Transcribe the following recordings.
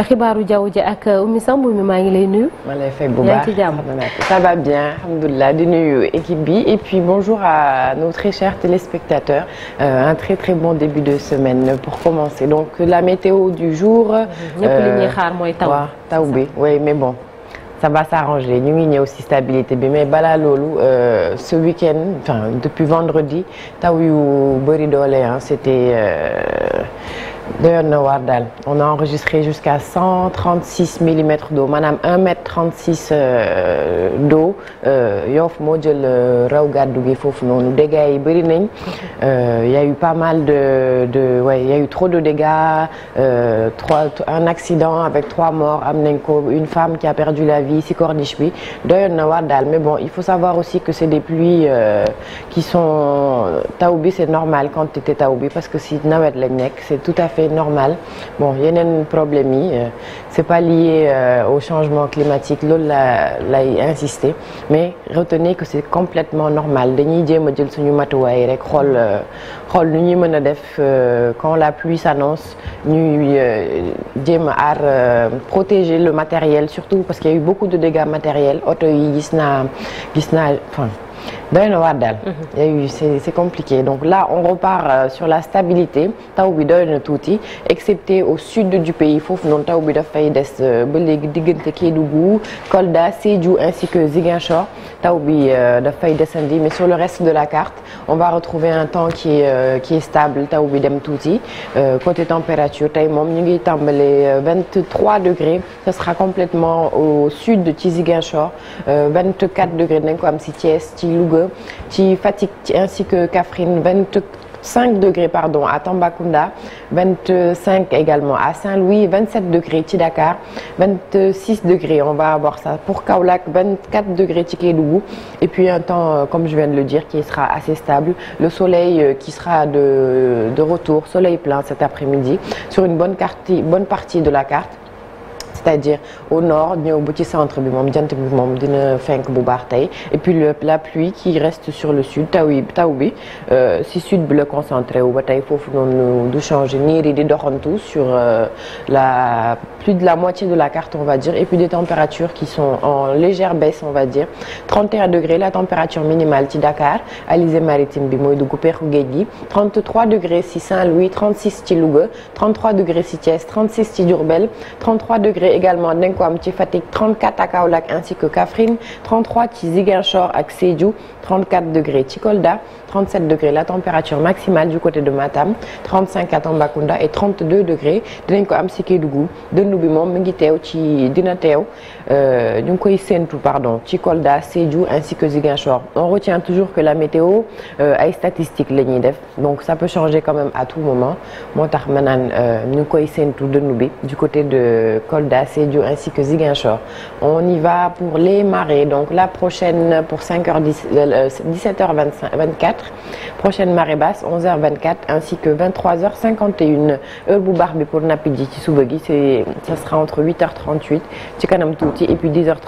xibaaru jaww ji ak Oumy Samb mi maa ngi lay nuyu. ma lay fay bu baax ça va bien alhamdulilah di nuyu équipe bi et puis bonjour à nos très chers téléspectateurs euh, un très très bon début de semaine pour commencer donc la météo du jour. ñëpp li ñuy euh, xaar mooy taw waaw taw bi oui mais bon. ça va s'arranger ñu ngi ñëw ci stabilité bi mais balaa loolu euh, ce week-end enfin depuis vendredi taw yu bëri doole ah c'était. Euh... doyoon na waar daal on a enregistré jusqu'à 136 millimètres d'eau maanaam 1 mètre 36 euh, d'eau euh, Yoff moo jël euh, raw gàddu gi foofu noonu dégâts yi bëri nañ y a eu pas y a eu trop de dégâts euh, trois nañ ko une femme qui a perdu si corniche bi doyoon na waar daal mais bon il faut savoir des pluies euh, qui sont taw bi c'est normal quantité taw bi parce que si nawet lañ nekk nekk c'est tout à fait normal bon yeneen problème yi euh, c'est pas lié euh, au changement climatique loolu la lay insister mais retenez que c'est complètement normal dañuy jéem a jël suñu matuwaay rek xool euh, xool nu ñuy mën a def quand la pluie s'annonce ñuy jéem a aar protéger le matériel surtout parce qu'il y a eu beaucoup de dégâts matériels oto yi gis naa gis naa enfin doy na waar daal. yooyu mhm. c'est c'est compliqué donc là on repart euh, sur la stabilité taw bi doy na tuuti excepté au sud du pays foofu noonu taw bi dafay des euh, ba léegi diggante Kédougou Kolda Sédhiou ainsi que Ziguinchor taw bi euh, dafay descendi mais sur le reste de la carte on va retrouver un temps qui est stable taw bi dem tuuti côté température tey moom ñu ngi tàmbale 23 degrés ce sera complètement au sud ci Ziguinchor 24 degrés nañ ko am ci feu ci Fatick ci ainsi que Kaffrine vingt cinq degrés pardon à Tambacounda vingt cinq également à Saint-Louis vingt sept degrés ci Dakar vingt six degrés on va pour Kaolack vingt quatre degrés ci Kédougou et puis euh, comme je viens de le dire qui le soleil euh, qui sera de de retour soleil plein cet après la carte. c'est-à-dire au nord ñëw ba ci centre bi moom jant bi moom dina fenk bu baax tey et la pluie qui reste sur le sud taw yi taw bi euh, si sud bi la concentré wu ba tey foofu noonu du changer niir yi di doxantu sur euh, la plus la moitié de la carte on va dire et puis des températures qui sont en légère baisse on va dire degrés la température minimale ci Dakar Alizé maritime bi mooy dugg peexu géej gi 33 degrés ci Saint-Louis 36 ci Louga 33 degrés ci Thiès 36 ci Diourbel 33 degrés bi également dinañ ko am ci Fatick 34 à Kaolack ainsi que Kaffrine 33 ci Ziguinchor ak Sédhiou 34 degrés ci Kolda 37 degrés la température maximale du côté de Matam 35 à et 32 dinañ ko am ci Kédougou dënnu bi moom mi ngi teew ci dina teew euh, ñu ngi koy séentu pardon ci Kolda Sédhiou ainsi que Ziguinchor on retient toujours que la météo euh, ay statistiques la ñuy def donc ça peut changer quand même à tout moment moo tax ma naan euh, ñu du côté de Kolda à Sédio ainsi que Ziguinchor. la prochaine pour 5h10, euh, 17h24, prochaine marée basse 11h24 ainsi que 23h51 heure bu pour nappi ji ci suba gi c'est ça sera entre 8h38 ci kanam tuuti et puis 10 wax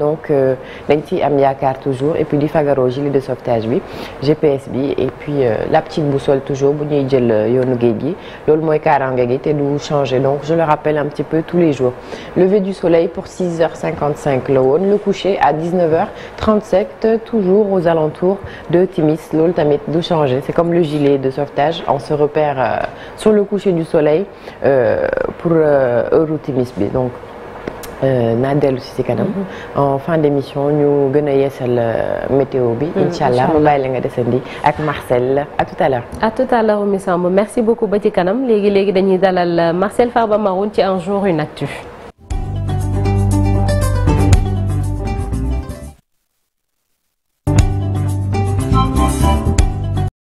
donc euh, dañ ciy am yaakaar toujours et puis di fagaroo de sauvetage bi GPS bi et puis euh, la petite boussole toujours bu jël euh, yoonu géej gi loolu mooy kaaraange gi te du changer rappelle un petit peu tous les jours pour 6h55 la woon le coucher à 19h37 toujours aux alentours de timis loolu tamit du changé c'est comme le gilet de sauvetage on se repère euh, sur le coucher du euh, pour heure timis bi Euh, naa dellu si si kanam. Mm-hmm. en fin d' émission ñu gën a yeesal euh, météo bi. Mm-hmm. incha allah ma la nga desandi ak Marcel à tout à l'heure à tout à l'heure Oumy Samb merci beaucoup ba ci kanam léegi léegi dañuy dalal euh, Marcel ba Maroun ci un jour une actu.